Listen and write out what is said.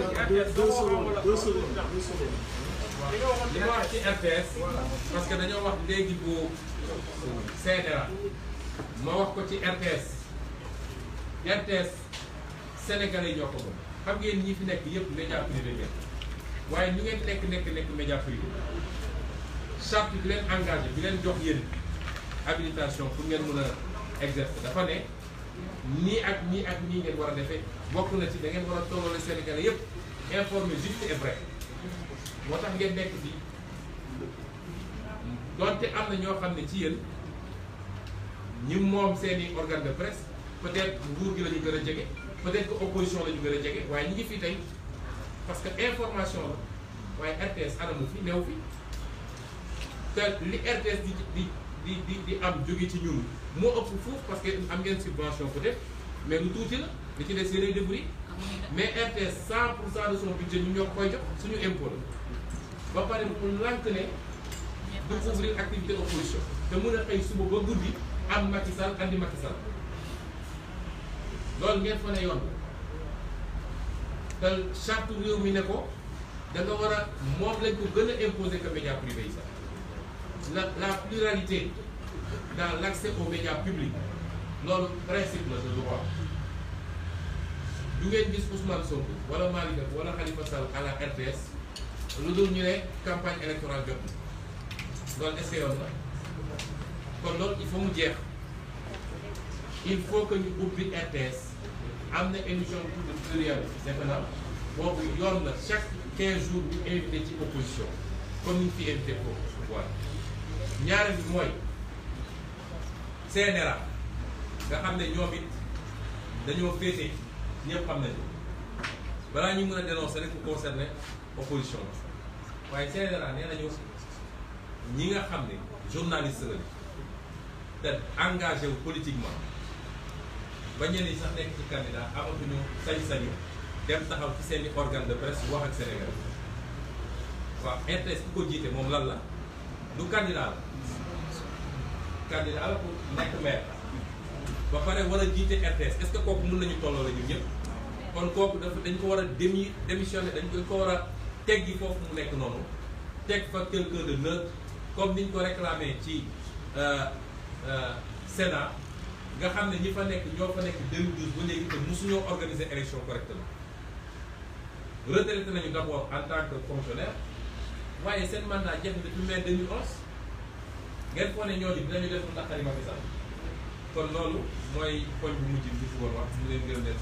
deux secondes deux li ma wax ci RTS parce que dañoo wax léegi bu CNRA ma wax ko ci RTS RTS sénégalais ñoo ko moom xam ngeen ñi fi nekk yëpp média privé ngeen waaye ñu ngeen nekk nekk nekk média privé charte bi leen engage bi leen jox yéen habilitation pour ngeen mën a exercer dafa ne. nii ak nii ak nii ngeen war a defee bokk na ci da ngeen war a tolloole Sénégalais yëpp informé juste et moo tax ngeen nekk fii donte am na ñoo xam ne ci yéen ñi moom seen i organe de presse peut-être nguur gi la gën a jege peut-être que opposition la ñu gën a jege waaye ñi ngi fii tey parce que information la waaye RTS anamu fi new fi te li RTS di. di di di am jóge ci ñun moo ëpp foofu parce que am ngeen subvention peut def mais lu tuuti la li ci des yeneen débris mais RTS 100 pour cent de son budget ñu ñoo koy jox suñu impôt ba pare mu lànk ne du couvrir activité opposition te mën a xëy suba ba guddi am Macky Sall andi loolu ngeen fa ne yoon te charte réew mi ne ko da war a moom lañ ko gën a imposer que a privé yi sax la la pluralité dans l'accès aux médias publics loolu principe la de droit du ngeen gis Ousmane Sonko wala Malick Gakou wala Khalifa Sall à la lu dul ñu ne campagne électorale jot loolu est la kon loolu il mu jeex il faut que ñu ubbi RTS am na émission publique plurielle defe naa boobu yoon la chaque 15 jours ñu ci opposition comme fi invité ko pouvoir ñaareel bi mooy CNRA nga xam ne ñoom it dañoo féete ñëpp xam nañu balaa ñu mën a dénoncer rek ku concerné opposition la waaye CNRA nee nañu ñi nga xam ne journaliste lañu te engagé politiquement ba ñenn yi sax nekk ci candidat amatuñu sañ-sañu dem taxaw ci seen i organe de presse wax ak Sénégal waaw RTS ku ko jiite moom lan la. du candidat la candidat la pour nekk maire ba pare war a jiite RTS est-ce que kooku mën nañu tolloo la ñun ñëpp kon kooku dafa dañ ko war a démi démissionné dañ ko war a teggi foofu mu nekk noonu teg fa quelqu'un de neutre comme niñ ko réclamé ci euh, euh, Sénat nga xam ne ñi fa nekk ñoo fa nekk 2012 ba léegi te mosuñoo organiser élection correctement retraité nañu d'abord en tant que fonctionnaire waaye seen mandat jeex na depuis mai 2011 ngeen foog ñoo ñooñu dinañu def lu naqari Macky Sall kon loolu mooy poñ bu mujj bi ñu fi war wax ñu leen gërëm leen